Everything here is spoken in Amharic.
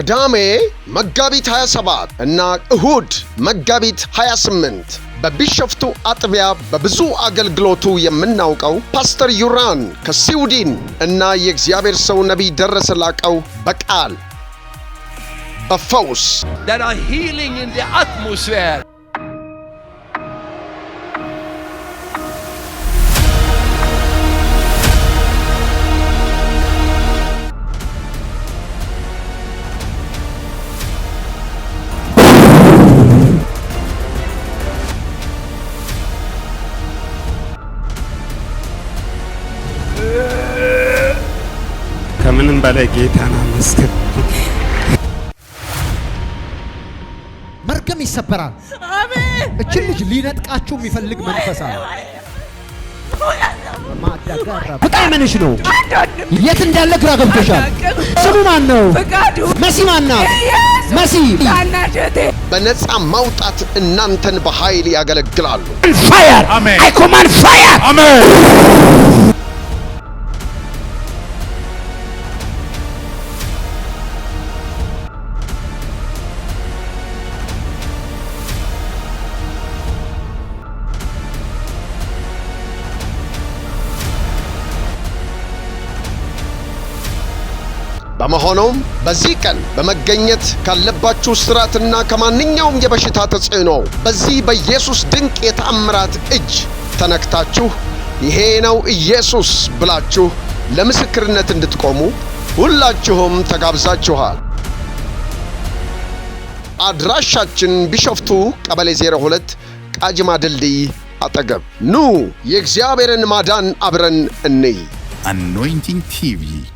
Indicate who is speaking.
Speaker 1: ቅዳሜ መጋቢት 27 እና እሁድ መጋቢት 28 በቢሸፍቱ አጥቢያ በብዙ አገልግሎቱ የምናውቀው ፓስተር ዩራን ከስዊድን እና የእግዚአብሔር ሰው ነቢይ ደረሰ ላቀው በቃል በፈውስ
Speaker 2: ከምንም በላይ ጌታን አመስግን።
Speaker 3: መርገም ይሰበራል። እችን ልጅ ሊነጥቃችሁ የሚፈልግ መንፈሳ በጣም ምንሽ ነው? የት እንዳለ ግራ ገብቶሻል። ስሙ ማን ነው? መሲ ማና መሲ
Speaker 1: በነፃ ማውጣት እናንተን በኃይል ያገለግላሉ። ፋየር በመሆኑም በዚህ ቀን በመገኘት ካለባችሁ ስራትና ከማንኛውም የበሽታ ተጽዕኖ በዚህ በኢየሱስ ድንቅ የተአምራት እጅ ተነክታችሁ ይሄ ነው ኢየሱስ ብላችሁ ለምስክርነት እንድትቆሙ ሁላችሁም ተጋብዛችኋል። አድራሻችን ቢሾፍቱ ቀበሌ 02 ቃጂማ ድልድይ አጠገብ። ኑ የእግዚአብሔርን ማዳን አብረን እንይ። አኖይንቲንግ ቲቪ